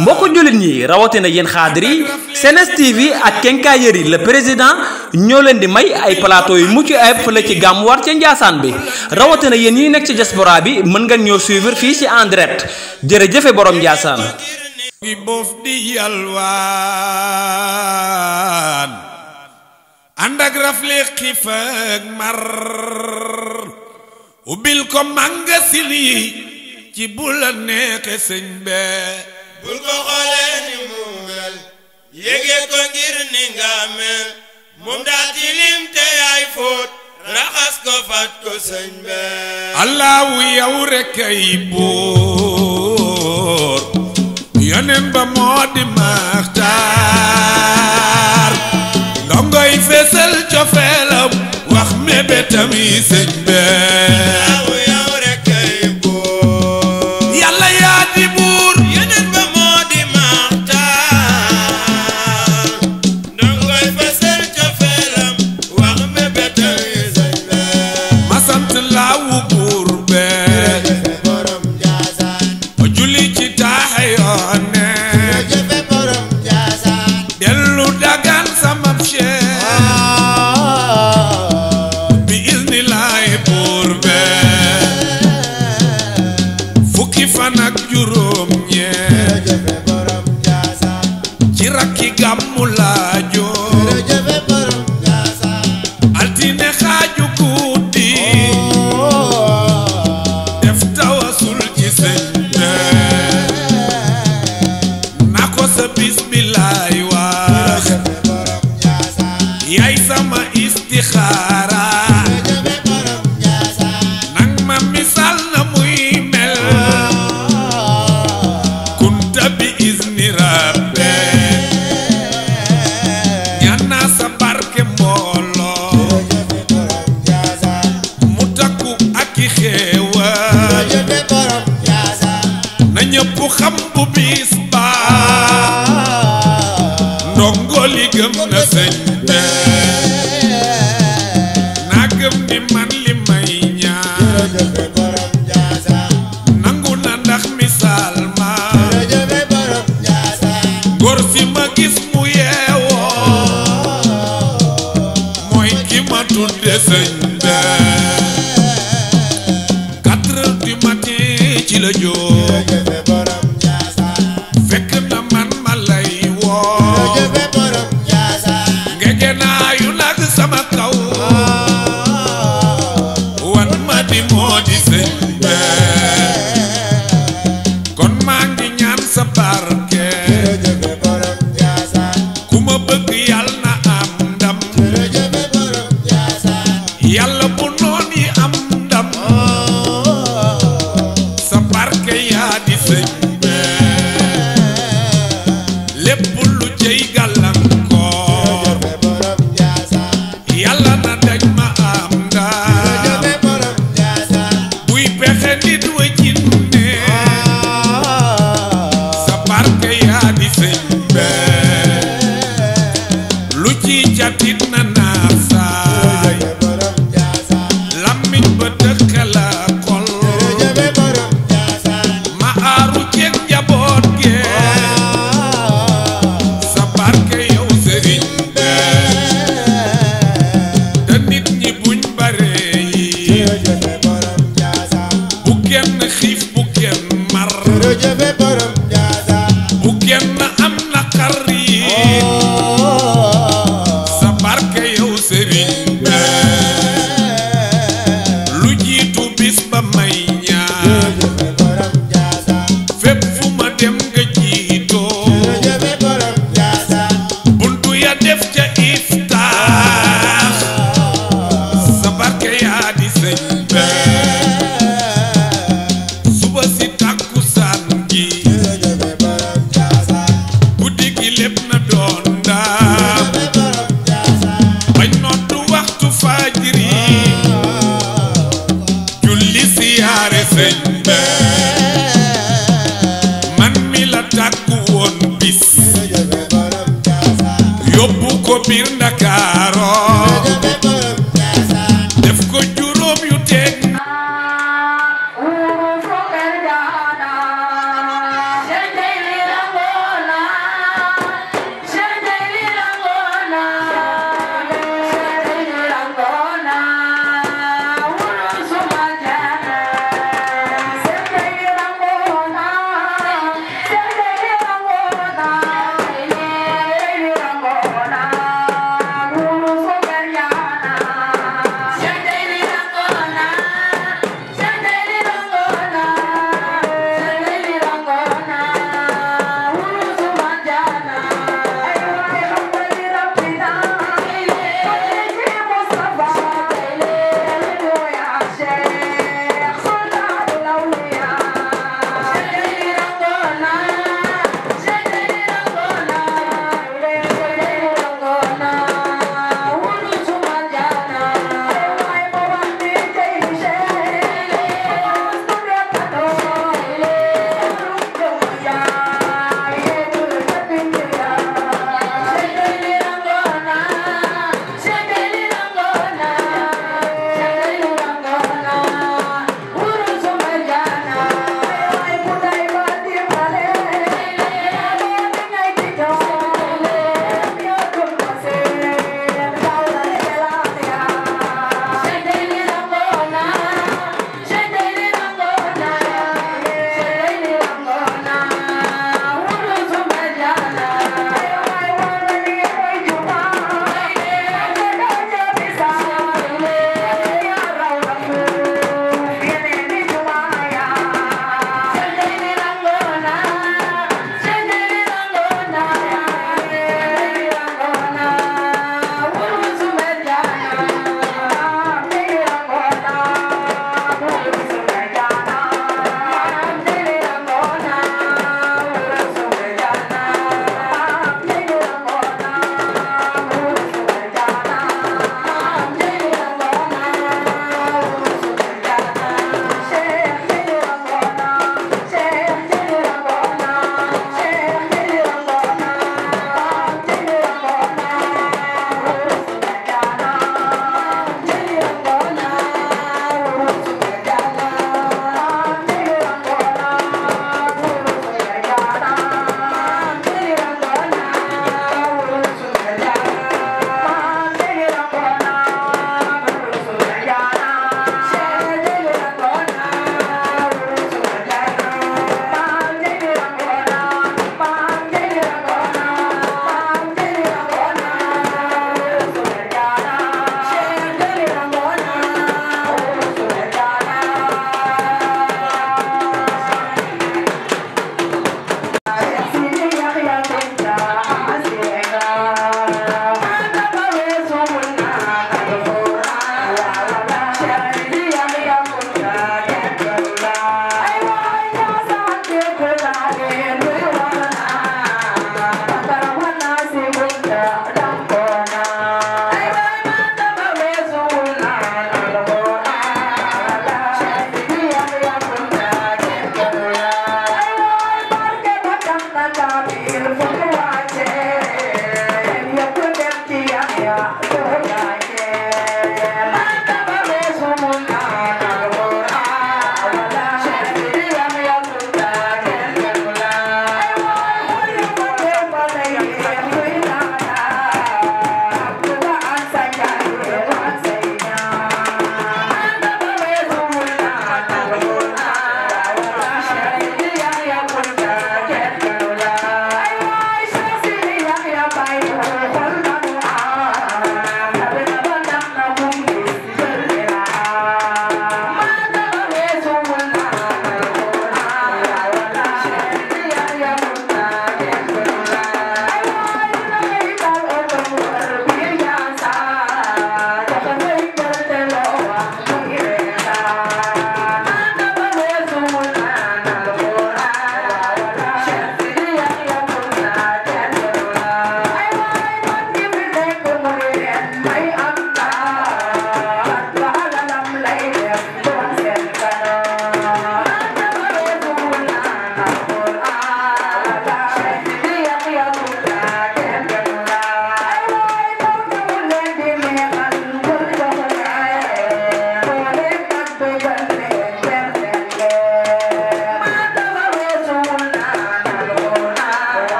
mbokku jullit ñi rawatina yéen xaadir yi Sen TV ak Quincaillerie la président ñoo leen di may ay palaato yu mucc ayib fële ci gàmmuwaar ca Njaasaan bi rawatina yéen ñi nekk ci diaspora bi mën ngeen ñoo suivre fii ci en direct jërëjëfe boroom Njaasaan gi boof di yalwaan ànd ak rafle ci bu la neexe bee bul ko xoolee ni mu ko ngir ni nga mel moom daa tilim te yaay fóot raxas ko fat ko sëñ bee allahu yow rekk ay buur yonen ba moo di maxtaar ndongoy feesal cofeelam wax mébétam yi sëñ bee gàmmu laajoo jërëjëf xaaju guddi oh. def tawasul ci sëñ na ko sa bis bi laay wax sampu bis ba ndongo li gëm na sëñ be na man li may ñaan nangu na ndax misaal ma góor si ma gis mu yeewoo mooy ki ma tudde sëñ be quatre heures Tidna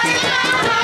Hallelujah!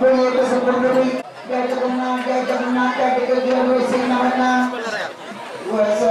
Boleh sebelum dari kemenang, dari kemenang, dari kemenang, dari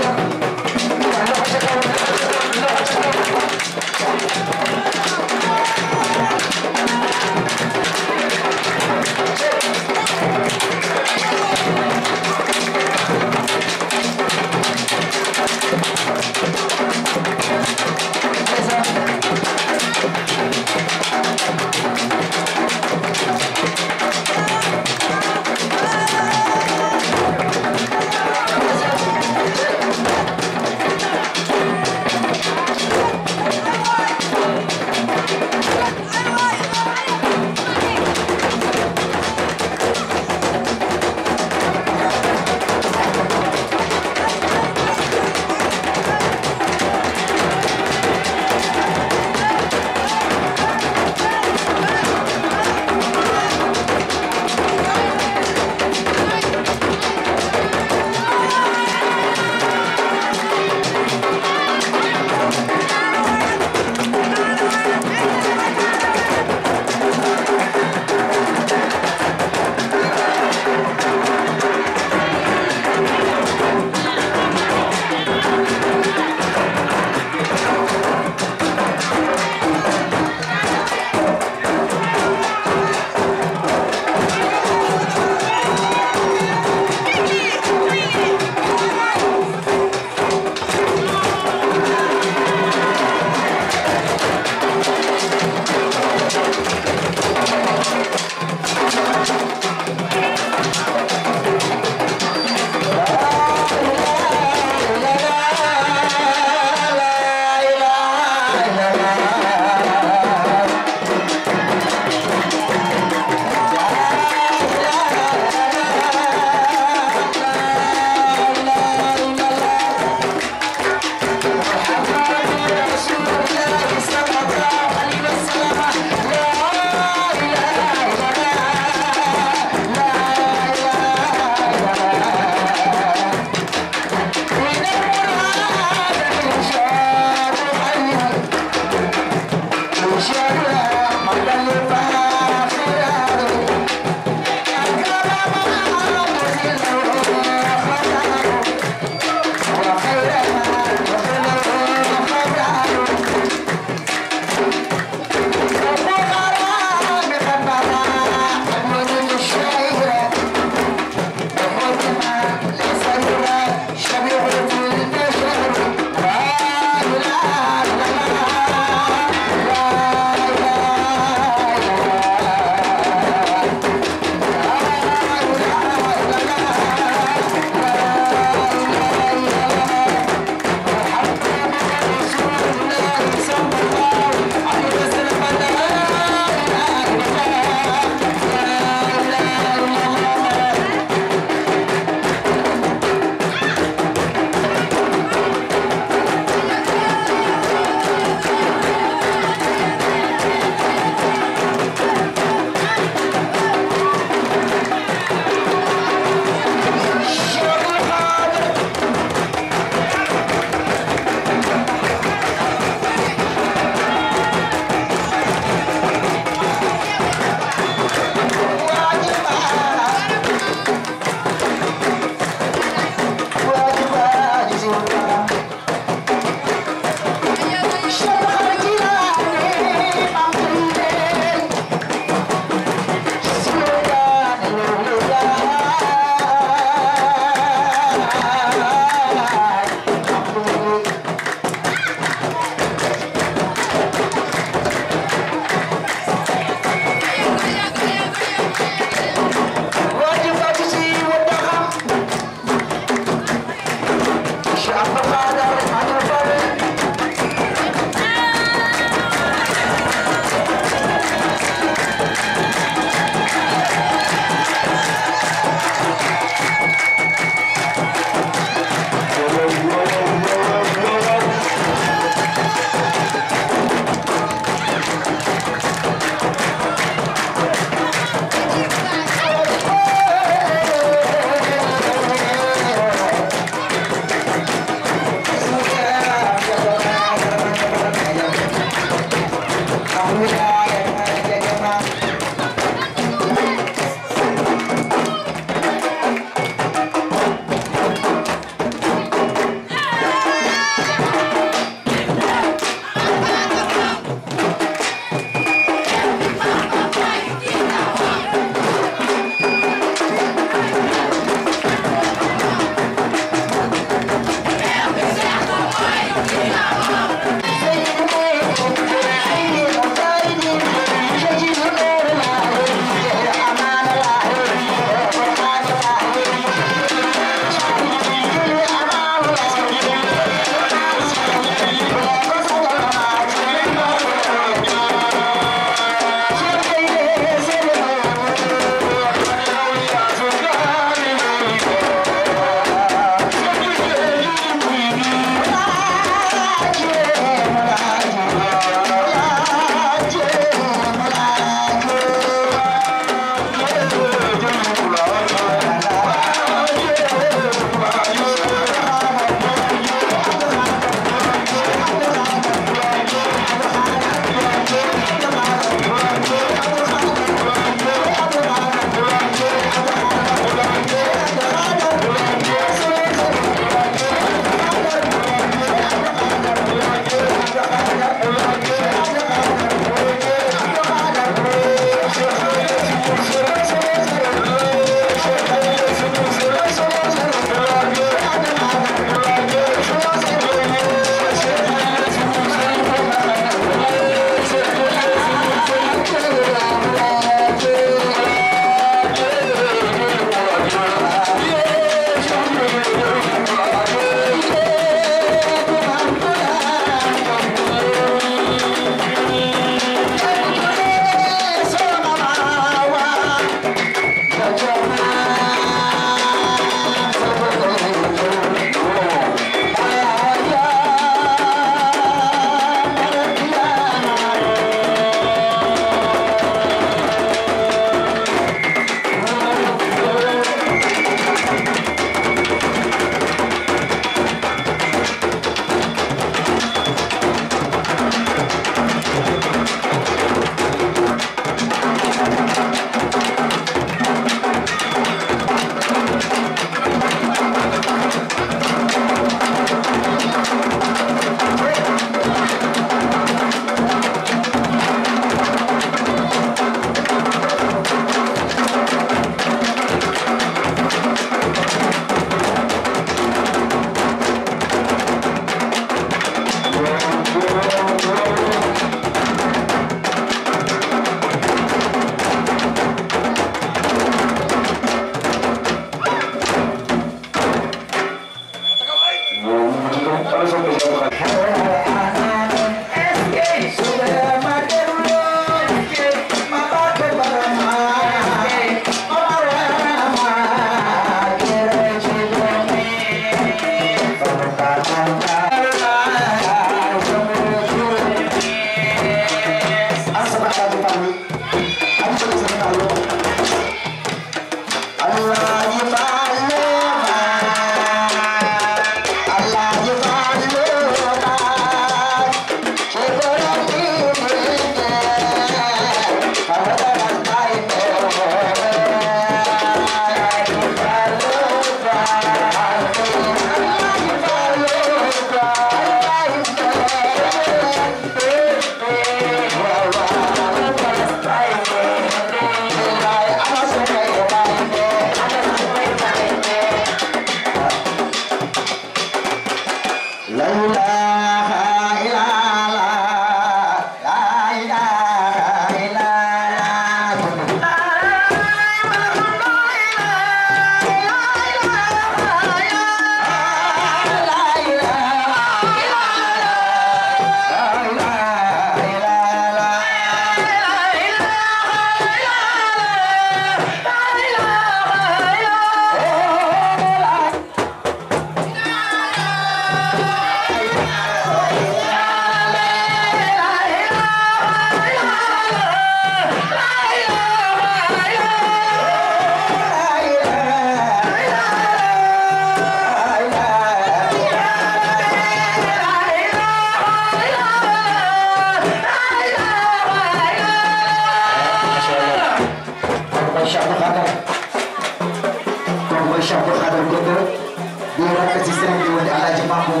mambo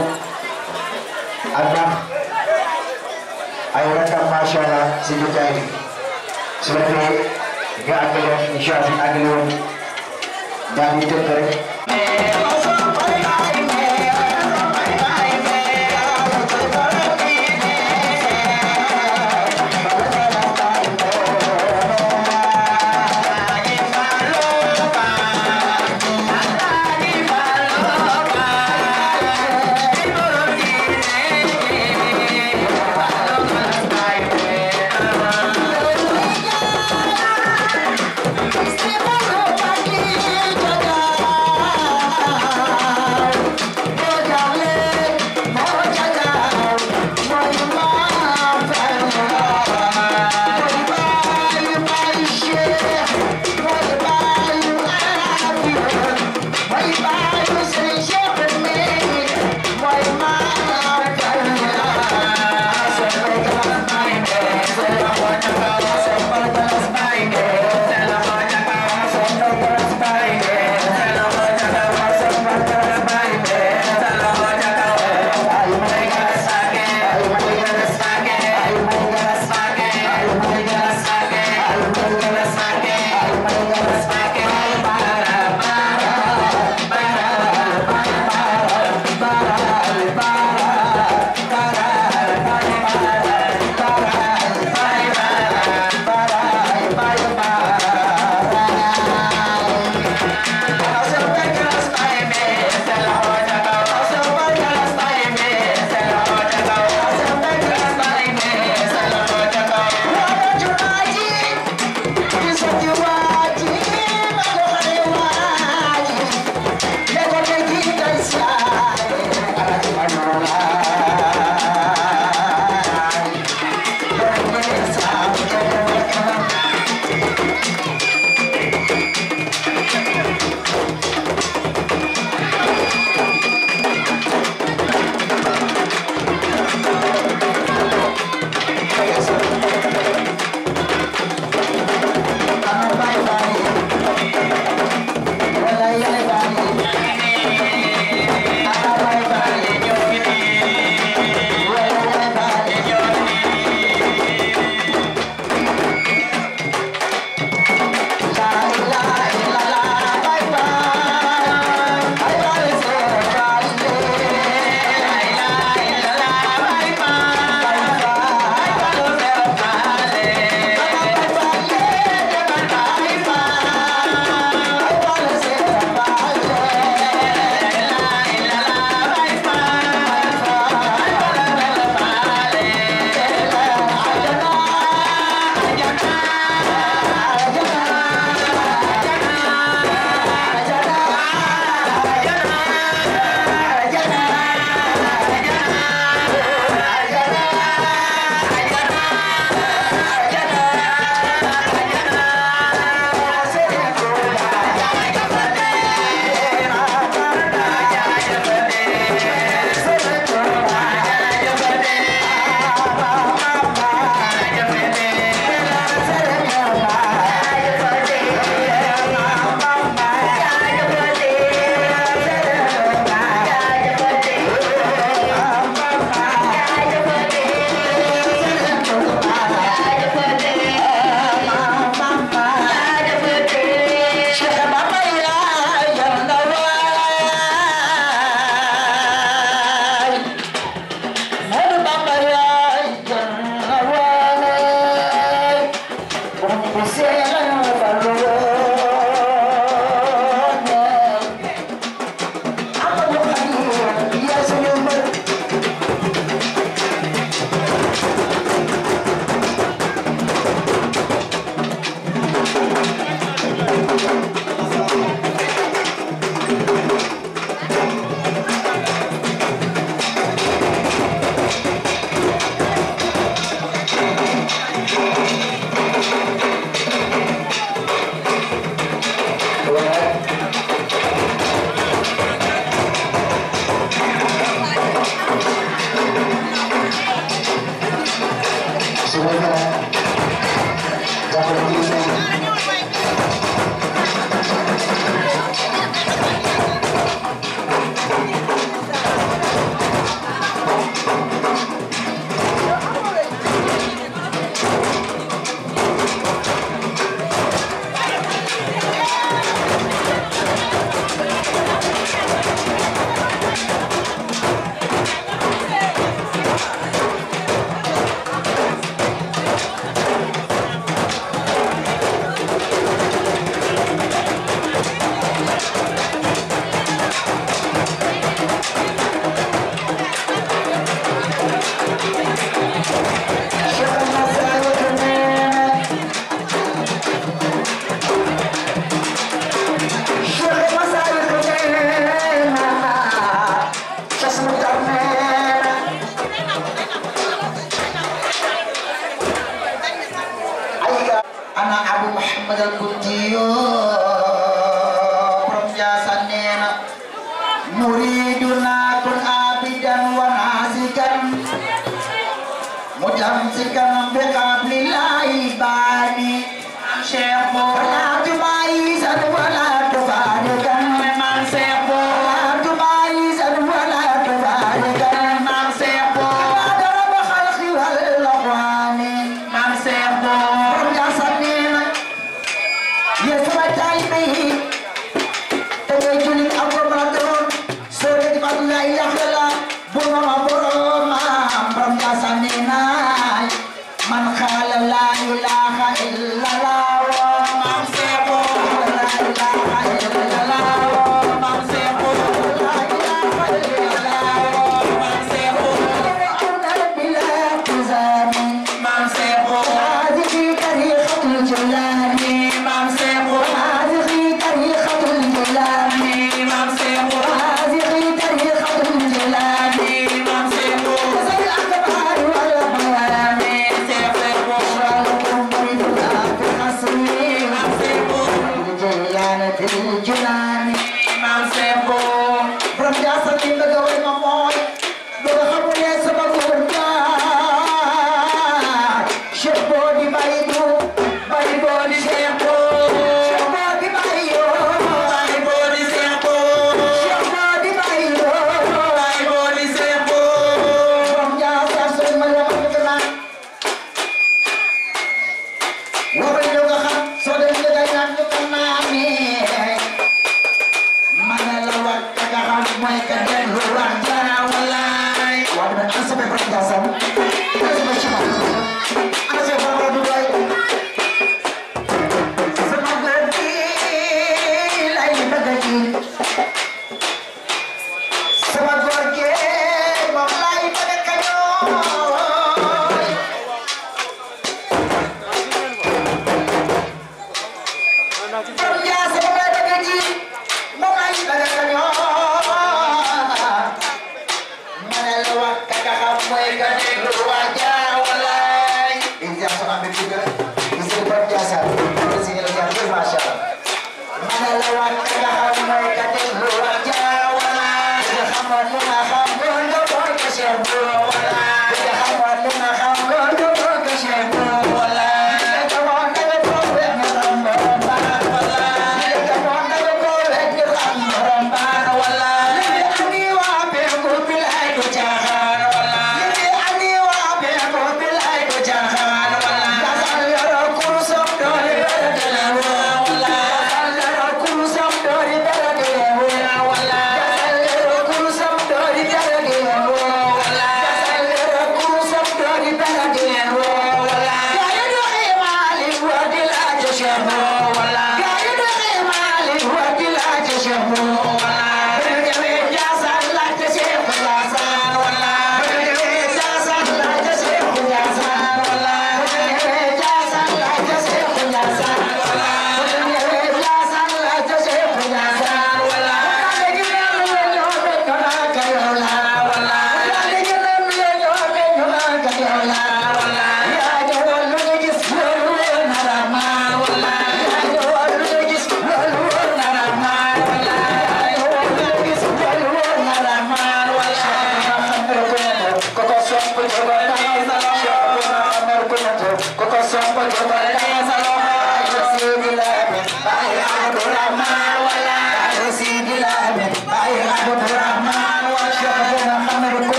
Allah masyarakat mashallah sibitani sebagai ga agalon insya Allah agalon dan itu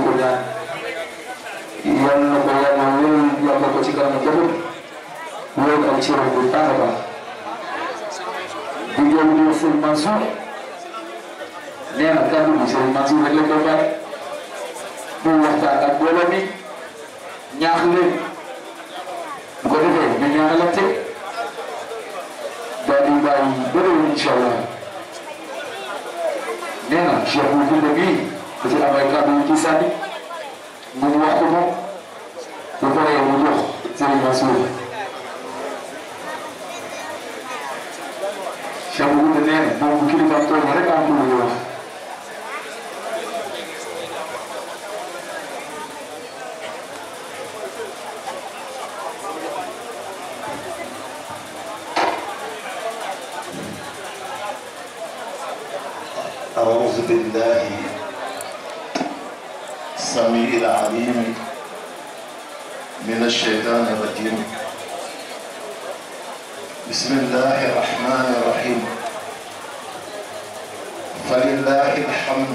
uya iyan na baya na wil ya ba kacika na kebun wil ka cira buta na ba diyan di sul masu ne aka di sul masu hele ko ba bu wata bayi bere inshallah nena shekhu nabi bu ci amee kàddu yu ci sànni mu wax ko moom bu paree mu jox sëriñ Mansour العليم من الشيطان الرجيم بسم الله الرحمن الرحيم فلله الحمد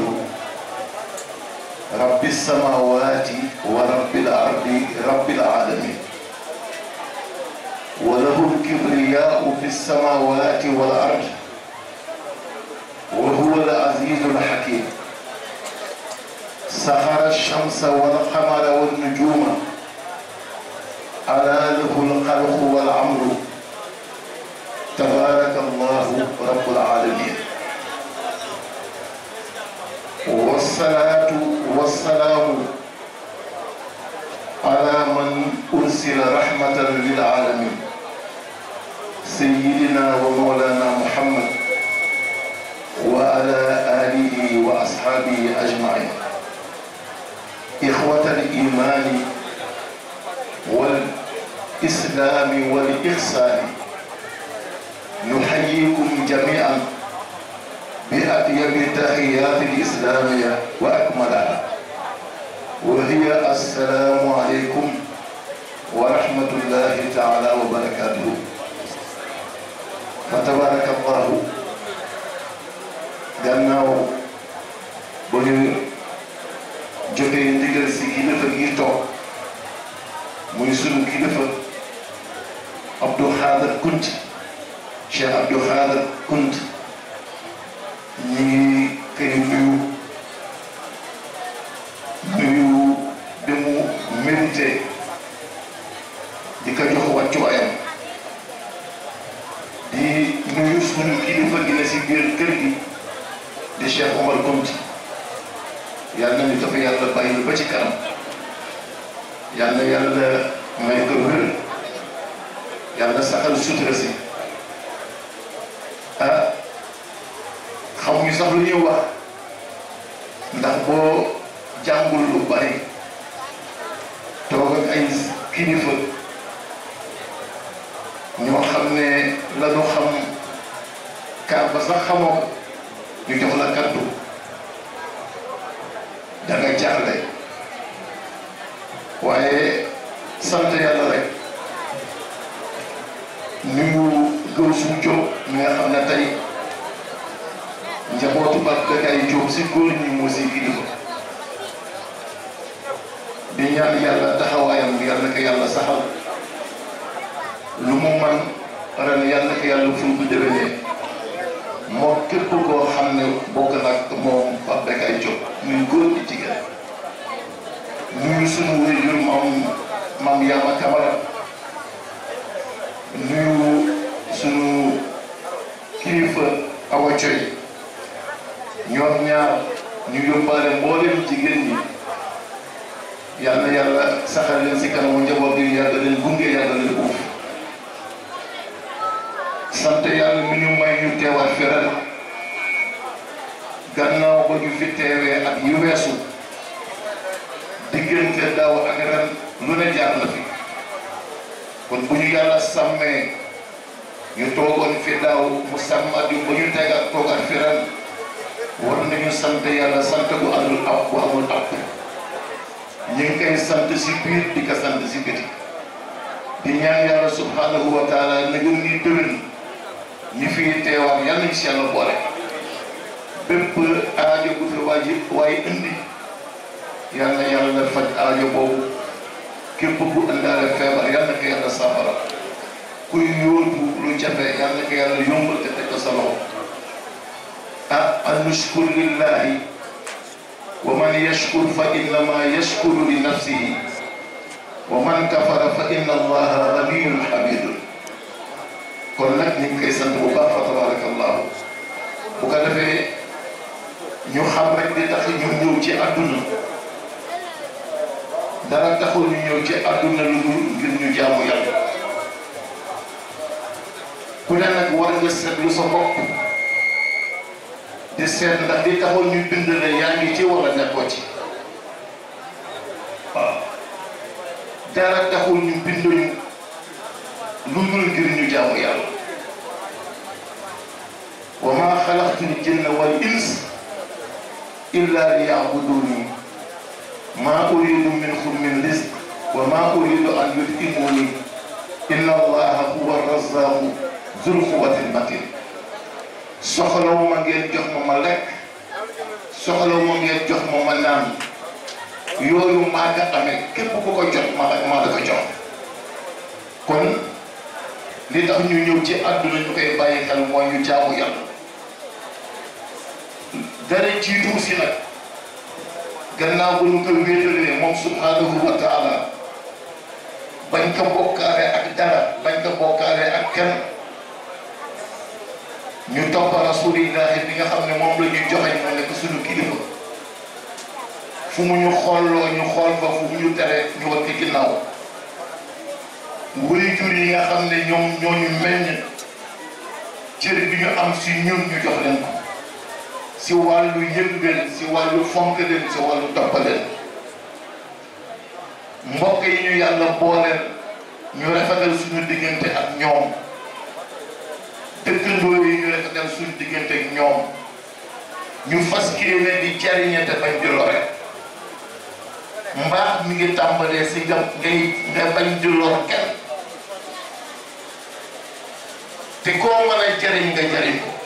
رب السماوات ورب الأرض رب العالمين وله الكبرياء في السماوات والأرض وهو العزيز الحكيم سخر الشمس والقمر والنجوم ألا له الخلق والعمر تبارك الله رب العالمين والصلاة والسلام على من أرسل رحمة للعالمين سيدنا ومولانا محمد وعلى آله وأصحابه أجمعين إخوة الإيمان والإسلام والإحسان نحييكم جميعا بأطيب التحيات الإسلامية وأكملها وهي السلام عليكم ورحمة الله تعالى وبركاته فتبارك الله جنة بني jotee ndigal si kilifa gi toog muy sunu kilifa Abdou Khadre Kounta Cheikh Abdou Khadre Kounta ñu ngi koy nuyu nuyu bi mu mérité di ko jox wàccuwaayam di nuyu sunu kilifa gi la si biir kër gi di Cheikh Omar Kounta yàlla nañu dafa yàlla bàyyi ba ci kanam yàlla yàlla may ko wér yàlla saxal sutura si ah xamuñu sax lu ñuy ndax boo jàngul lu bari toog ak ay kilifa ñoo xam ne la ñu xam kaar ba sax xamoo ñu jox la kaddu. danga jaaxle waaye sant yàlla rek ni mu gëw suñu coow mi nga xam ne tey njabootu Mbacké Gaye Diop si góor ñi moo si kilifa di ñaan yàlla taxawaayam yal na ko yàlla saxal lu mu man ren yal na ko yàlla ful bu déwénee moo képp ko sunu wéyjur moom maam Yaama Kamara nuyu sunu kilifa Awa Coy ñoom ñaar ñu yóbbaale mboolem jigéen ñi yàlla yàlla saxal leen si kanamu njaboot bi yàlla leen gunge yàlla leen uuf sant yàlla mi ñu may ñu teewaat fi ren gannaaw ba ñu fi teewee ak yu weesu diggante daaw ak ren lu ne jaar na fi kon bu ñu yàlla sàmmee ñu toogoon fi daaw mu sàmmaat yu ba ñu tegaat toogaat fi ren war nañu sant yàlla sant bu amul ab bu amul ab ñu ngi koy sant di ko sant si di ñaan yàlla subhanahu wa taala na gën ni ñi fi teewaat yàlla ñu si yàlla bépp aajo bu fi waaji waaye indi يالا يالا الفج اجبو كيف بو الله الفبر يالا يالا صبر كل يوم لو جاب يالا يالا يوم تتكسلو ا نشكر لله ومن يشكر فانما يشكر لنفسه ومن كفر فان الله غني حميد كون نك نيم كاي تبارك الله بو كان في ñu xam rek di tax ñu ñëw ci aduna dara taxul ñu ñëw ci àdduna lu dul ngir ñu jaamu yàlla ku ne nag war nga seetlu sa bopp di seet ndax li taxoon ñu bind la yaa ngi ci wala nekkoo ci waaw dara taxul ñu bind ñu lu dul ngir ñu jaamu yàlla wa maa xalaqtul jinna wal ins illa liya'buduni ما أريد منكم من رزق وما أريد أن يتئموني إن الله هو الرزاق ذو القوة المتين soxlawu ma ngeen jox ma ma lekk soxlawu ma ngeen jox ma ma naan yooyu maa ko amee képp ku ko jot ma maa la ko jox kon li tax ñu ñëw ci àdduna ñu koy bàyyi xel mooy ñu jaamu yàlla dara jiitu si nag. gannaaw bu ñu ko wéetalee moom subhanahu wa taala bañ ko bokkaale ak dara bañ ko bokkaale ak kenn ñu topp rasulillahi bi nga xam ne moom la ñu joxe mu nekk suñu kilifa fu mu ñu xooloo ñu xool ba fu mu ñu tere ñu war ci ginnaaw wuyu jur yi nga xam ne ñoom ñoo ñu meññ cër bi ñu am si ñun ñu jox leen ko. si wàllu yëm leen si wàllu fonk leen si wàllu toppaleen mbokk yi ñu yàlla booleel ñu rafetal suñu diggante ak ñoom dëkkandoo yi ñu rafetal suñu diggante ak ñoom ñu fas yéene di jariñante bañ di lore mbaax mi ngi tàmbalee si nga ngay nga di lor kenn te koo mën jariñ nga jariñ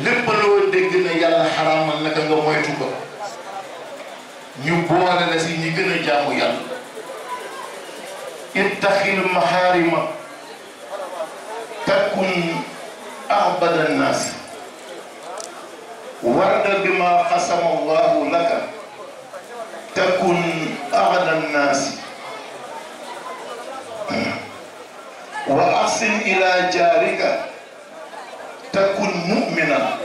lépp loo dégg ne yàlla xaraamal naka nga moytu ko ñu boole la si ñi gën a jaamu yàlla ittaxil maxaarima takkun ahbada naas warda bima xasama allahu laka takkun ahbada naas wa ahsin ila jaarika takun mu'minan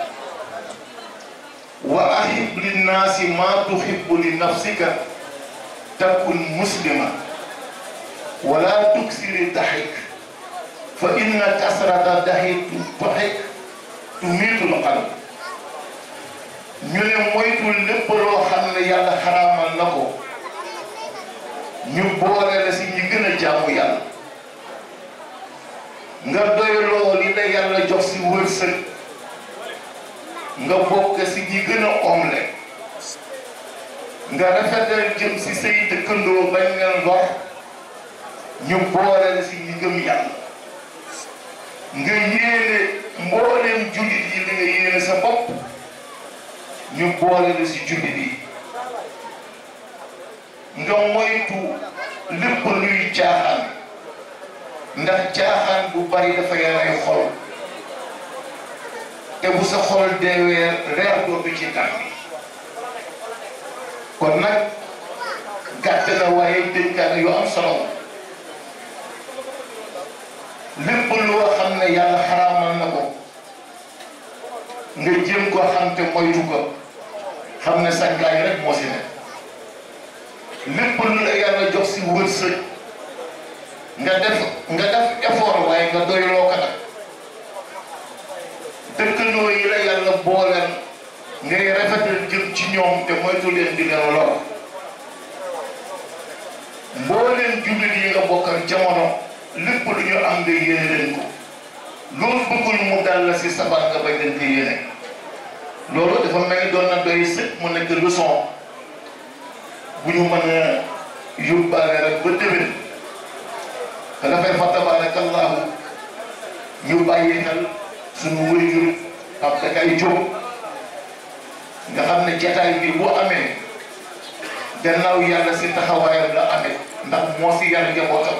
wa ahib linnaasi maa tuhibbu li nafsika takun muslima wala tuksiri dahik fa inna kasrata dahik tuhik tumiitul qalb ñu ne moytul lépp loo xam ne yàlla xaraamal na ko ñu boole la si ñi gën a jaamu yàlla nga doyloo li la yàlla jox si wërsëg nga bokk si ñi gën a omle nga rafetal jëm si say dëkkandoo bañ leen lor ñu booleel si ñi gëm yàlla nga yéene mbooleem jullit yi li nga yéene sa bopp si jullit yi nga moytu lépp luy caaxaan ndax caaxaan bu bari dafa yaray xol te bu sa xol deewee reer dootu ci tànn kon nag gàtt na waaye dénkaan yu am solo lépp loo xam ne yàlla xaraamal na ko nga jéem ko xam te moytu ko xam ne sa gaay rek moo si ne lépp lu yàlla jox si wërsëg nga def nga def effort waaye nga doyloo nag dëkkandoo yi la yàlla booleel ngay rafetal jëm ci ñoom te moytu leen di leen lor mbooleen jullit yi nga bokkal jamono lépp lu ñu am nga yéene leen ko loolu bëggul mu dal la si sabar nga bañ leen ko yéene loolu dafa mel doon na doy sëkk mu nekk leçon bu ñu mën a yóbbaale rek ba déwén dafay fa tabarakallahu ñu bàyyi xel suñu wëriñu ab dakay jóg nga xam ne jataay bi bu amee gannaaw yàlla si taxawaayam la amee ndax moo si yar njabootam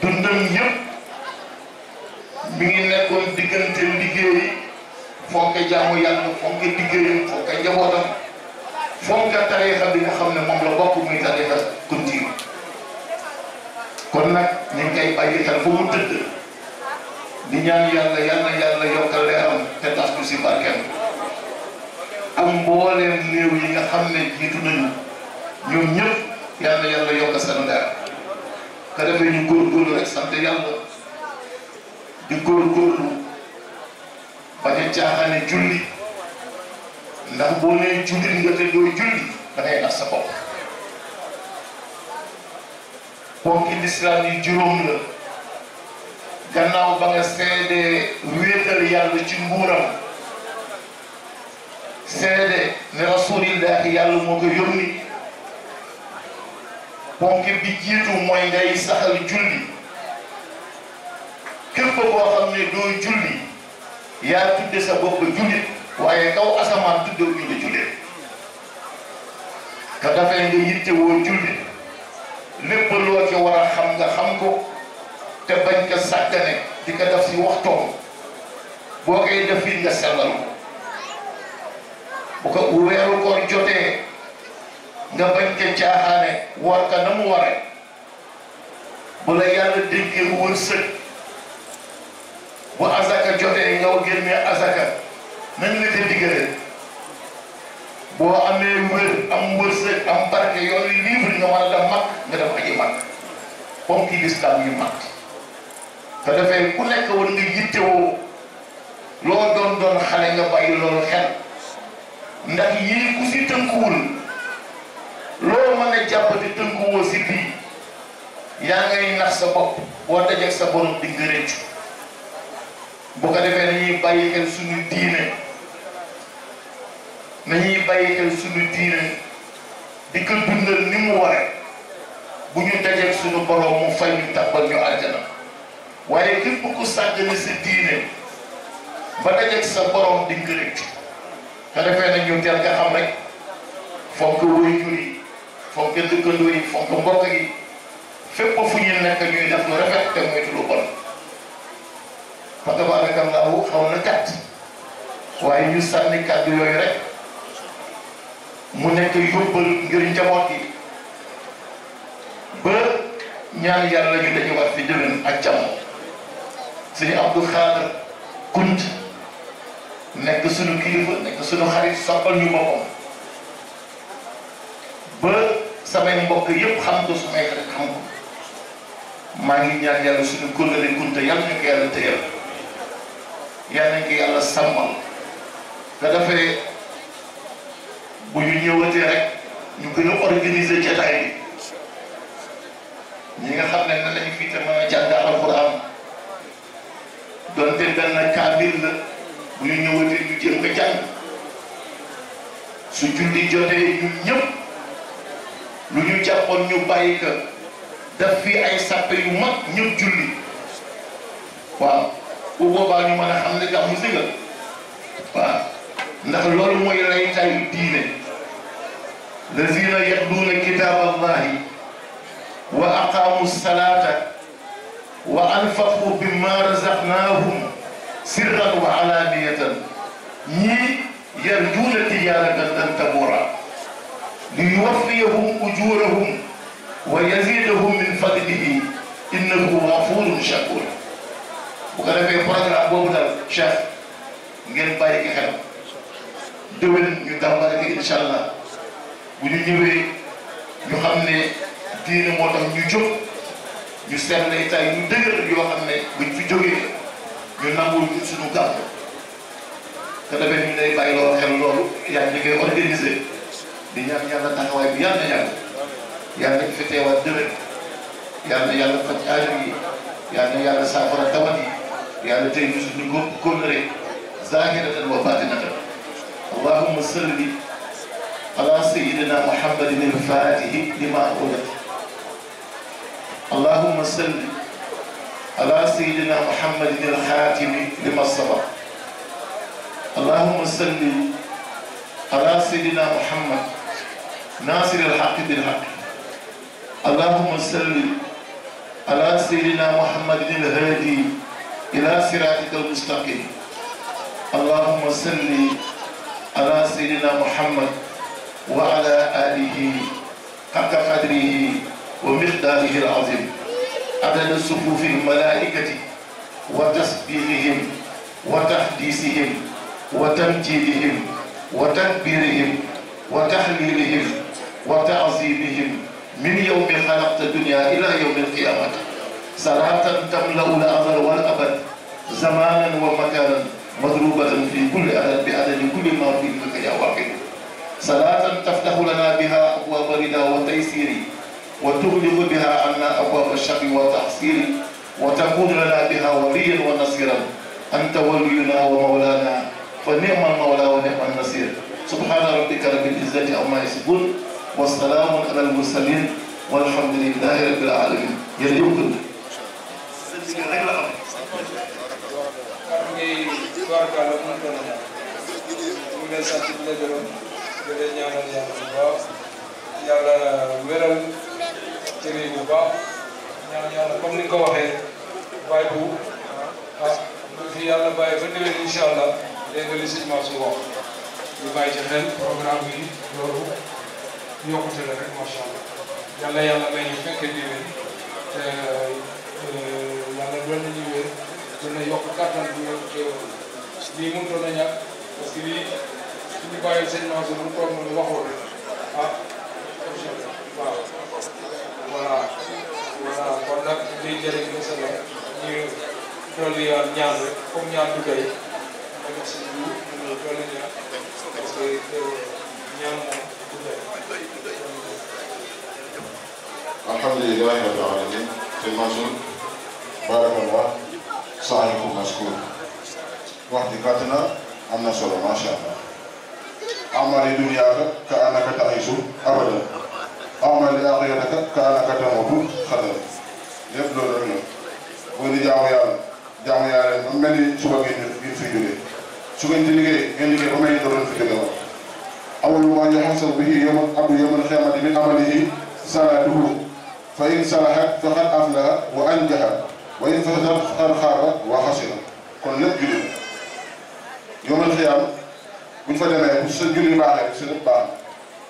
dundam ñëpp mi ngi nekkoon diggante liggéey fonk jaamu yàlla fonk liggéeyam fonk njabootam fonk tariixa bi nga xam ne moom la bokk muy tariixa continue kon nag nañ koy bàyyi xel fu mu tëdd di ñaan yàlla yàlla yàlla yokkal leeram te tas du si barkeem am mbooleem néew yi nga xam ne jiitu nañu ñoom ñëpp yàlla yàlla yokk seen leer ka defee ñu góorgóorlu rek a caaxaane julli ndax boo julli nga te doo julli da ngay nax sa ponki lislaam yi juróom la gannaaw ba seede wéetal yàlla ci nguuram seede ne rasulillahi yàlla moo ko yónni ponki bi jiitu mooy ngay saxal julli képp koo xam ne doo julli yaa tudde sa bopp waaye kaw asamaan tudde wu ñu ka dafay nga yitte woo jullit lépp di nga def si waxtoom boo koy def fii nga sellal bu ko bu weeru koor jotee nga bañ ko caaxaane war ka na mu waree bu la yàlla dénkee wërsëg bu azaka jotee nga génnee azaka nañ la ko diggalee boo amee wér am wërsëg am barke yooyu livre nga war a mag nga dem aji mag ponk yi lislaam yu mag te defee ku nekk war nga yittewoo loo doon doon xale nga bàyyi loolu xel ndax yii ku si tënkuwul loo mën a jàppati tënkuwoo si bii yaa ngay nax sa bopp boo dajeeg sa borom di nga rëccu bu ko defee nañuy bàyyi xel suñu diine nañuy bàyyi xel suñu diine di ko dundal ni mu waree bu ñu dajeeg suñu borom mu fay ñu tàbbal ñu àjjana waaye képp ku sàggane sa diine ba dajeeg sa borom di nga rëcc te defee na ñu teel nga xam rek fonk waajur yi fonk dëkkandoo yi fonk mbokk yi fépp fu ñu nekk ñuy def lu rafet te moytu lu bon fa tabaarakallaahu xaw na gàtt waaye ñu sànni kàddu yooyu rek mu nekk yóbbal ngir njaboot yi ba ñaan yàlla ñu dañu war fi déwén ak jàmm sëriñ Abdou Khadre Kunt nekk suñu kilifa nekk suñu xarit soppal ñu boppam ba samay mbokk yëpp xam ko samay xarit xam ko maa ngi ñaan yàlla suñu kóllëre Kunta yàlla ñu ko yàlla téyal yàlla ñu ko yàlla sàmmal nga defee bu ñu ñëwatee rek ñu gën a organiser jataay bi ñi nga xam ne nan lañu fii te mën a jàng donte dana kaamil la bu ñu ñëwatee ñu jéem ko jàng su julli jotee ñun ñëpp lu ñu jàppoon ñu bàyyi daf fi ay sàppe yu mag ñëpp julli waaw bu boobaa ñu mën a xam ne gàmmu si nga waaw ndax loolu mooy laytaayu diine lazina yaxduuna kitaaba allahi wa aqaamu salaata wa anfaqu mimma razaqnaahum sirran wa alaaniyatan ñii yarjuuna tijaaratan lan tabuura liyuwaffiyahum ujuurahum wa yazidahum min fadlihi innahu gafuurun shakuur bu ko defee programme boobu daal chef ngeen bàyyi ki xel déwén ñu tàmbali ko incha allah bu ñu ñëwee ñu xam ne diine moo tax ñu jóg. ñu seet na état yu dëgër yoo xam ne buñ fi jógee ñu nangul ñu suñu gàmm te demee ñu lay bàyyi loo xel loolu yaa ngi koy organisé di ñaan yàlla taxawaay bi yàlla yàlla yàlla ñu fi teewaat déwén yàlla yàlla faj aajo yi yàlla yàlla saafara tawat yi yàlla tey ñu suñu góob kóllëre zaahiratan wa baatinatan allahumma salli ala sayyidina muhammadin al-faatihi lima ughliqa اللهم صل على سيدنا محمد الخاتم لما سبق اللهم صل على سيدنا محمد ناصر الحق بالحق اللهم صل على سيدنا محمد الهادي إلى صراطك المستقيم اللهم صل على سيدنا محمد وعلى آله حق قدره ومقداره العظيم عدد صفوف الملائكة وتسبيحهم وتحديثهم وتمجيدهم وتكبيرهم وتحليلهم وتعظيمهم من يوم خلقت الدنيا إلى يوم القيامة صلاة تملأ الأزل والأبد زمانا ومكانا مضروبة في كل عدد بعدد كل ما في لك يا واحد صلاة تفتح لنا بها أبواب رضا وتيسير وتغلق بها عنا أبواب الشر والتحصيل وتكون لنا بها وليا ونصيرا أنت ولينا ومولانا فنعم المولى ونعم النصير سبحان ربك رب العزة عما يصفون والسلام على المرسلين والحمد لله رب العالمين يرجوكم yàlla jërëjëf bu baax ñaan yàlla comme ni nga ko waxee bàyyi bu ah fi yàlla bàyyi ba déwén incha allah léeg-léeg li sëñ Mansour wax ñu bàyyi ci xel programme bi loolu yokkute la rek macha allah yàlla yàlla may ñu fekkee déwén te euh, yàlla doon nañu wér dina yokk kàttan bi yokk teewul lii mënutoon a ñàkk parce que lii suñu bàyyi sëñ Mansour mu toog mu waxoo ah waaw. voilà voilà kon nag liy jëriñ mos a ñu dolli ñaan rek comme ñaan du doy ba na am na solo macha allah amari dunya ka annaka amal li aaxirataka kaanaka tamutu xadan lépp loolu rek la boo di jaamu yàlla jaamu yàlla ba mel ni suba gi ñu fi jógee su ngeen ci liggéey ngeen liggéey ba mel ni doon fi jógee woon awal ma yaxasab bihi yawma abdu yawmal xiyaamati min amalihi salaatuhu fa in salahat faqad aflaha wa anjaha wa in fasadat faqad xaaba wa xasira kon lépp julli yawmal xiyaam buñ fa demee bu sa julli baaxee sa lépp baax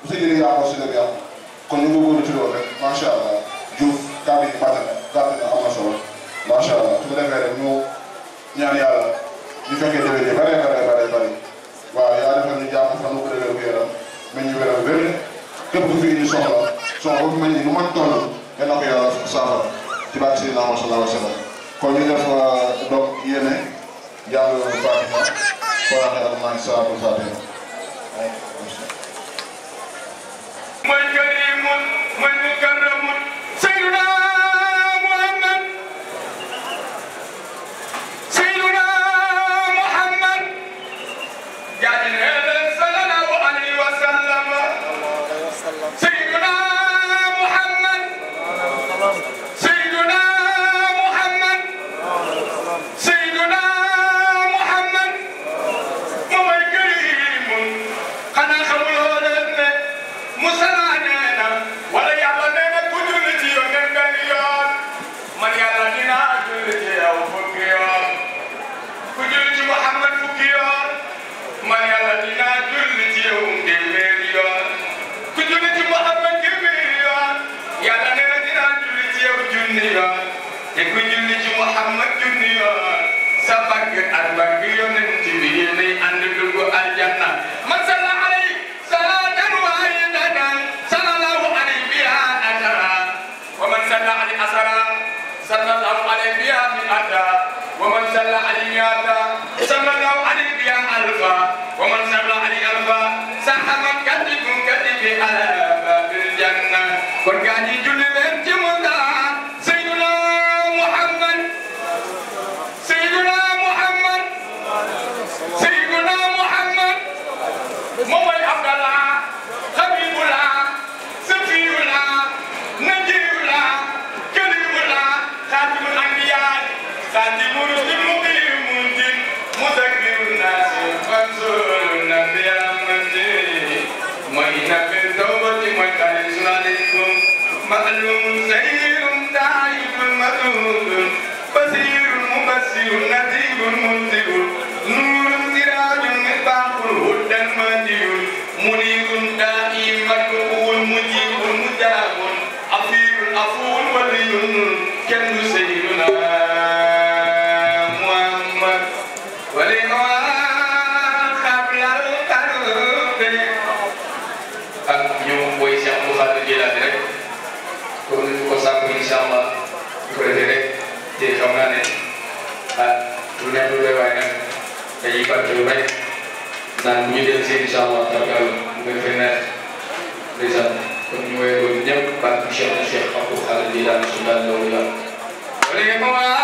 bu sa julli yàqoo sa lépp yàqu kon ni nga góor a tuddoon rek macha allah Diouf kàddu yi bàtt na gàtt na am na solo macha allah su ko defee rek ñu ñaan yàlla ñu fekkee déwén yi bare bare bare bare waaw yaa defal ñu jàmm fan ko defee bu yaram mën ñu wéral wér képp ku fi ñu soxla soxla bu mel ni lu mën toll yal na ko yàlla saafara ci bàtt si naama sallallahu alayhi wa sallam kon ñu def euh, donc yéene jàng Fatiha Fatiha ak maa ngi saa bu Fatiha من كريم من مكرم سيدنا te ku Muhammad junni yoon sa bagg ak bagg yonent alfa ala janna نذير منذر نور Thank you. Alhamdulillah sudah Boleh Terima ya, kasih.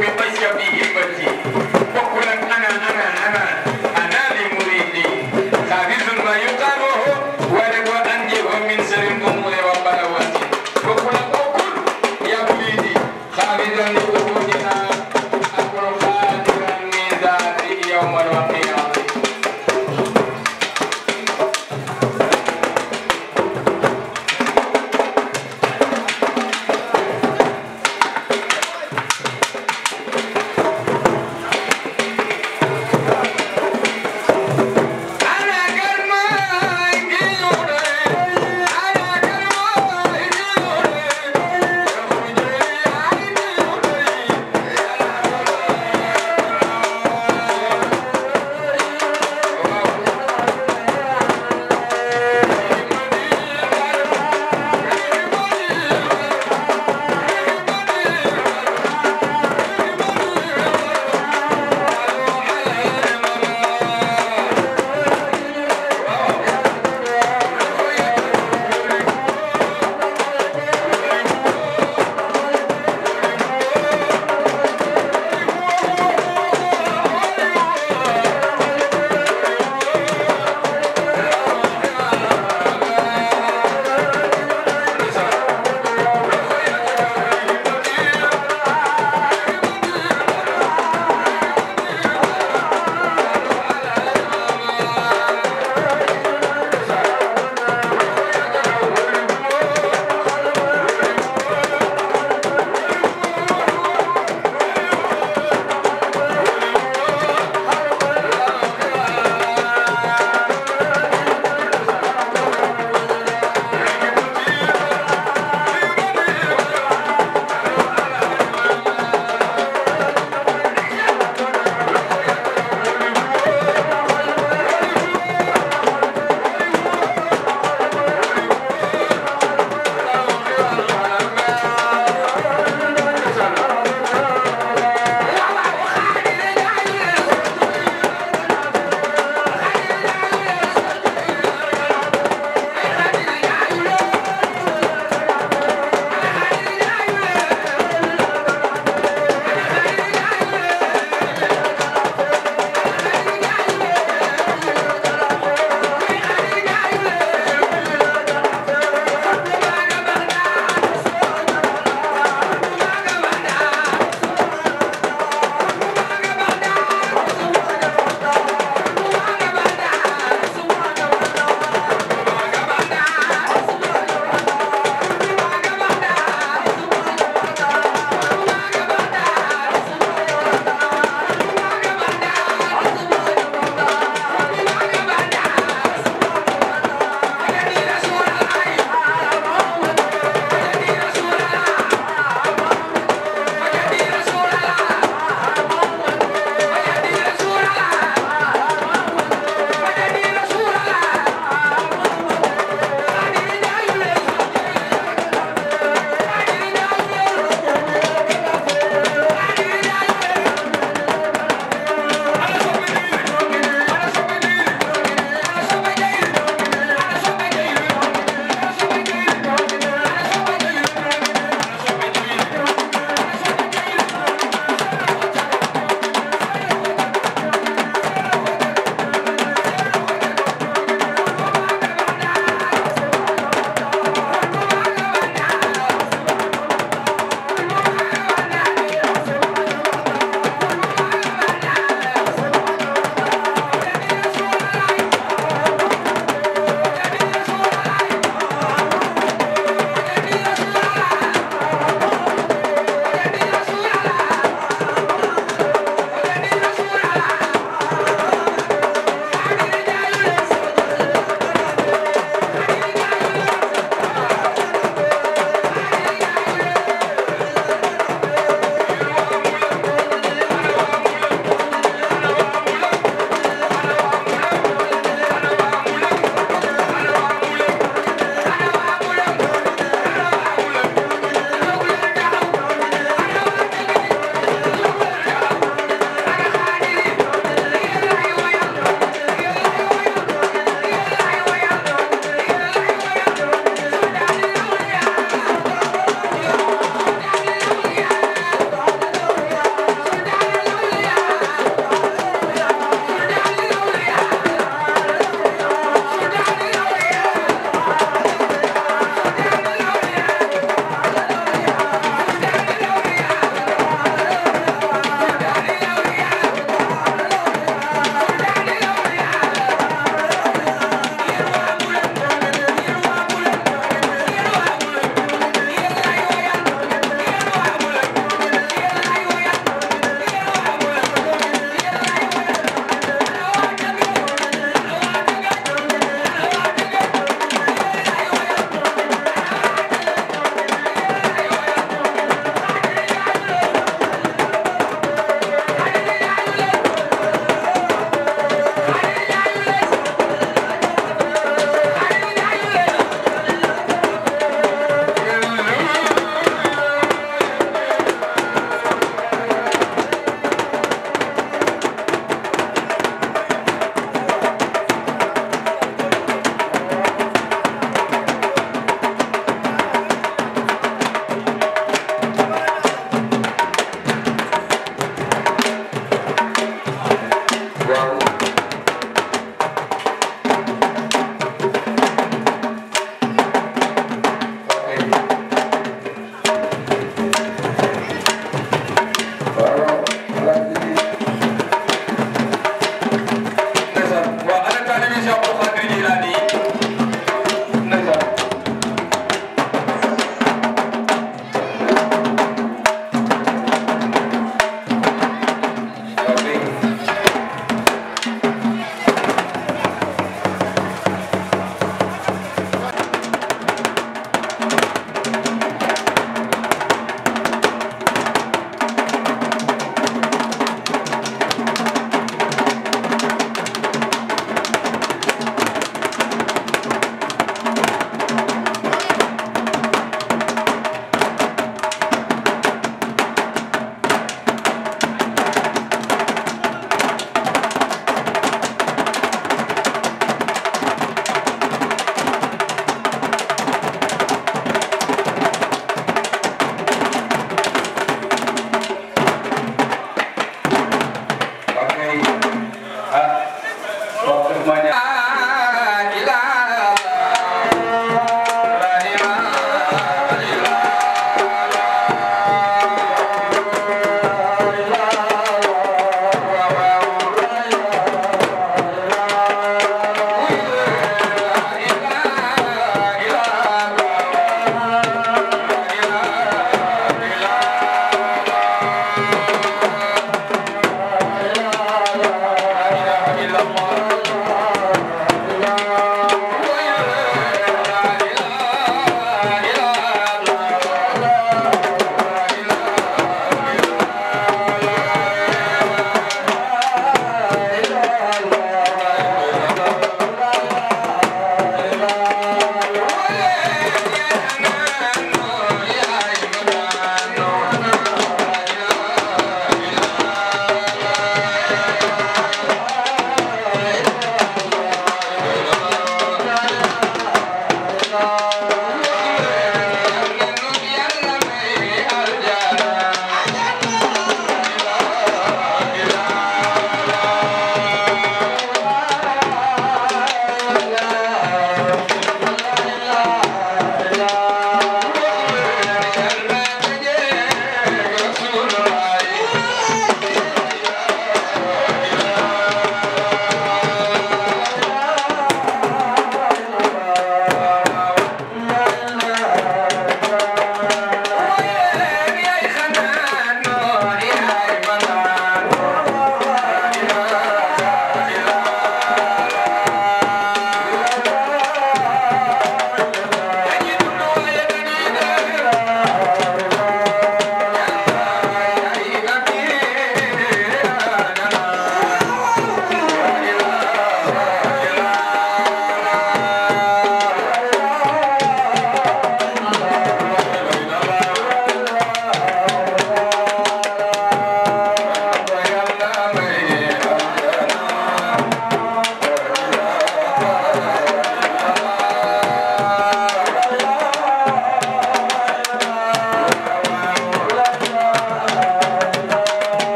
me,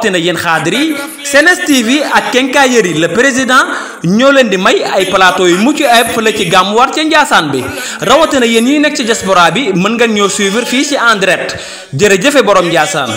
rawatina yéen xaadir yi Sen TV ak Quincaillerie yi le président ñoo leen di may ay palaato yu mucc ayib fële ci gàmm war ca Njaasaan bi rawatina yéen ñi nekk ci diaspora bi mën nga ñoo suivre fii ci en direct jërëjëfe borom Njaasaan